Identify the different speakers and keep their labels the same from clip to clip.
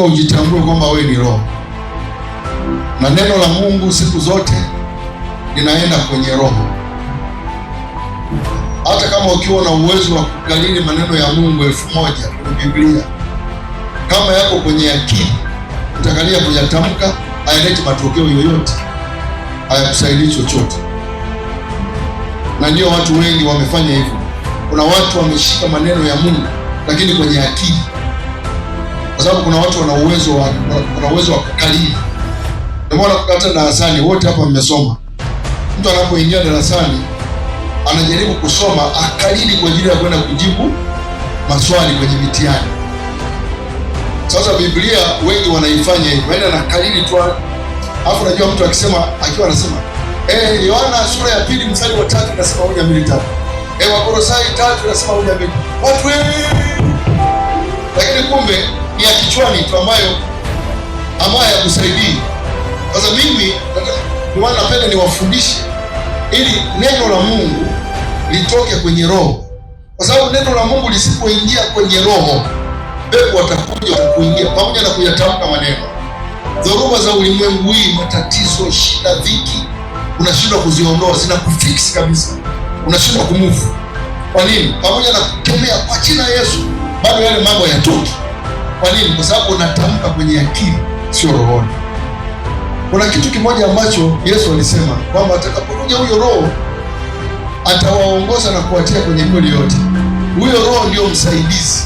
Speaker 1: lazima ujitambue kwamba wewe ni roho, na neno la Mungu siku zote linaenda kwenye roho. Hata kama ukiwa na uwezo wa kukalili maneno ya Mungu elfu moja kwenye Biblia, kama yako kwenye akili utakalia kuyatamka, hayaleti matokeo yoyote, hayakusaidii chochote. Na ndio watu wengi wamefanya hivyo. Kuna watu wameshika maneno ya Mungu lakini kwenye akili kwa sababu kuna watu wana uwezo wa wana uwezo wa kukalili. Unaona, hata darasani wote hapa mmesoma, mtu anapoingia darasani anajaribu kusoma akalili kwa ajili ya kwenda kujibu maswali kwenye mitihani. Sasa Biblia wengi wanaifanya hivyo, yaani anakalili tu, alafu unajua mtu akisema akiwa anasema eh, Yohana sura ya pili mstari wa tatu nasema moja mbili tatu eh, Wakolosai tatu nasema moja mbili watu wengi, lakini kumbe ni ya kichwani tu ambayo ambayo hayakusaidii. Sasa mimi napenda niwafundishe ili neno la Mungu litoke kwenye roho, kwa sababu neno la Mungu lisipoingia kwenye roho, pepo watakuja kukuingia pamoja na kuyatamka maneno. Dhoruba za ulimwengu hii, matatizo, shida, dhiki, unashindwa kuziondoa, zina kufix kabisa, unashindwa kumuvu. Kwa nini? Pamoja na kukemea kwa jina Yesu, bado yale mambo yatoki kwa nini? Kwa sababu unatamka kwenye akili, sio rohoni. Kuna kitu kimoja ambacho Yesu alisema kwamba atakapokuja huyo Roho atawaongoza na kuwatia kwenye kweli yote. Huyo Roho ndio msaidizi.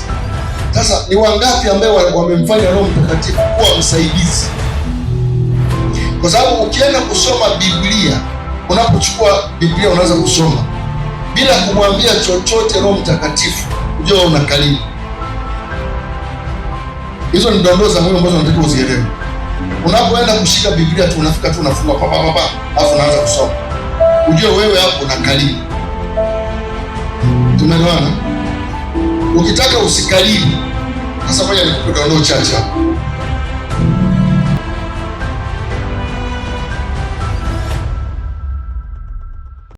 Speaker 1: Sasa ni wangapi ambao wamemfanya Roho Mtakatifu kuwa msaidizi? Kwa sababu ukienda kusoma Biblia, unapochukua Biblia unaweza kusoma bila kumwambia chochote Roho Mtakatifu, ujua una karibu Hizo ni dondoo za moyo ambazo unatakiwa uzielewe. Unapoenda kushika Biblia tu unafika tu unafunga papa papa, alafu unaanza kusoma, ujue wewe hapo karibu. Tumeelewana? Ukitaka usikaribu, sasa fanya nikupe dondoo chache hapo.